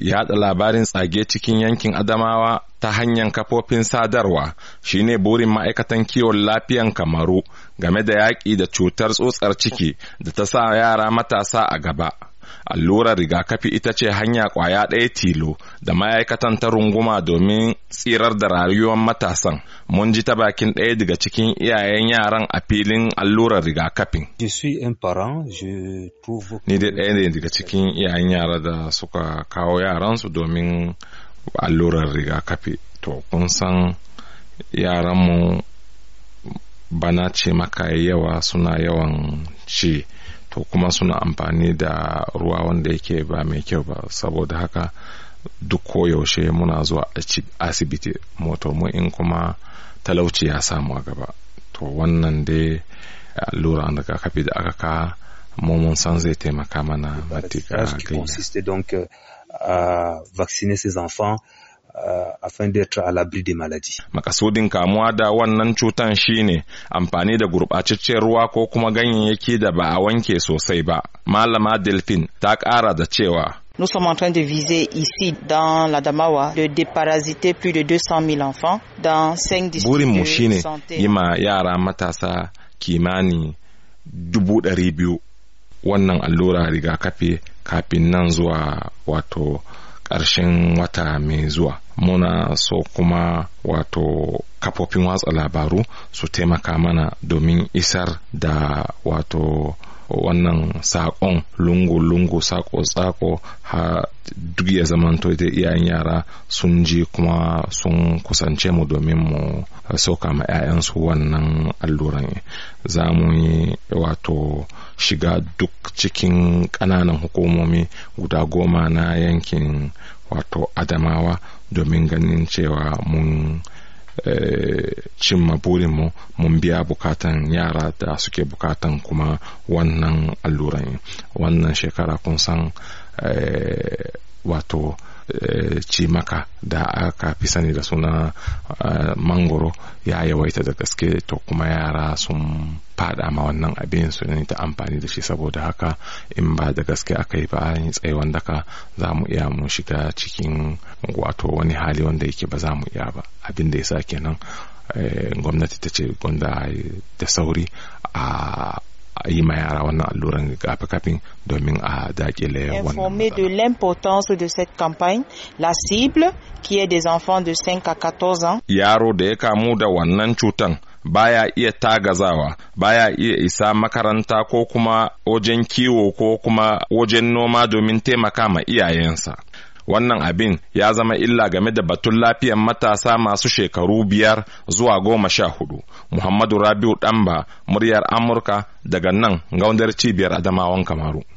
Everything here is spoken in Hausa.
Yaɗa labarin tsage cikin yankin Adamawa ta hanyar kafofin sadarwa shine burin ma'aikatan kiwon lafiyan Kamaru game da yaƙi da cutar tsotsar ciki da ta sa yara matasa a gaba. allurar rigakafi ita ce hanya kwaya ɗaya tilo da ma'aikatan ta runguma domin tsirar da rayuwar matasan mun ji ta bakin ɗaya daga cikin iyayen yaran a filin allurar rigakafin ni dai ɗaya ne daga cikin iyayen yara da suka kawo yaran su domin allurar rigakafi to kun san yaranmu bana ce maka yawa suna yawan ce to kuma suna amfani da ruwa wanda yake ba mai kyau ba saboda haka duk koyaushe muna zuwa asibiti mu in kuma talauci ya samu a gaba to wannan dai alluran rigakafi da aka ka mun san zai taimaka mana matuƙa consiste donc euh, à vacciner ses enfants a d'être à l'abri des maladies. Makasudin kamuwa da wannan cutan shine amfani da gurɓataccen ruwa ko kuma ganyayyaki da ba a wanke sosai ba. Malama Delphine ta ƙara da cewa Nous sommes en train de viser ici, dans la Damawa, de déparasiter plus de 200 000 enfants dans 5 districts Burin mu shine yi ma yara matasa kimani dubu ɗari biyu wannan allura rigakafi kafin nan zuwa wato ƙarshen wata mai zuwa muna so kuma wato kafofin watsa labaru su taimaka mana domin isar da wato wannan saƙon lungu-lungu saƙo-saƙo ha duk ya zamanto da iyayen yara sun ji kuma sun kusance mu domin mu soka ma 'ya'yansu wannan alluran za mu yi wato shiga duk cikin ƙananan hukumomi guda goma na yankin wato adamawa domin ganin cewa mun eh, cimma burinmu mun biya bukatan yara da suke bukatan kuma wannan alluran wannan shekara kun san eh, wato Eh, cimaka da aka fi sani da suna eh, mangoro ya yawaita da gaske to kuma yara sun fada ma wannan abin su ne ta amfani da shi saboda haka in ba da gaske aka yi ba yin wanda daka za mu iya mu shiga cikin wato wani hali wanda yake ba za mu iya ba abin da ya sa kenan eh, gwamnati ta ce gwanda da sauri a yi ma yara wannan alluran kafin domin a dakile wannan Informé de l'importance de cette campagne, la cible qui est des enfants de 5 à 14 ans. Yaro da ya kamu da wannan cutan baya iya tagazawa baya iya isa makaranta ko kuma wajen kiwo ko kuma wajen noma domin taimaka ma iyayensa. wannan abin ya zama illa game da batun lafiyar matasa masu shekaru biyar zuwa goma sha hudu muhammadu rabiu ɗanba muryar amurka daga nan gaundar cibiyar adamawan kamaru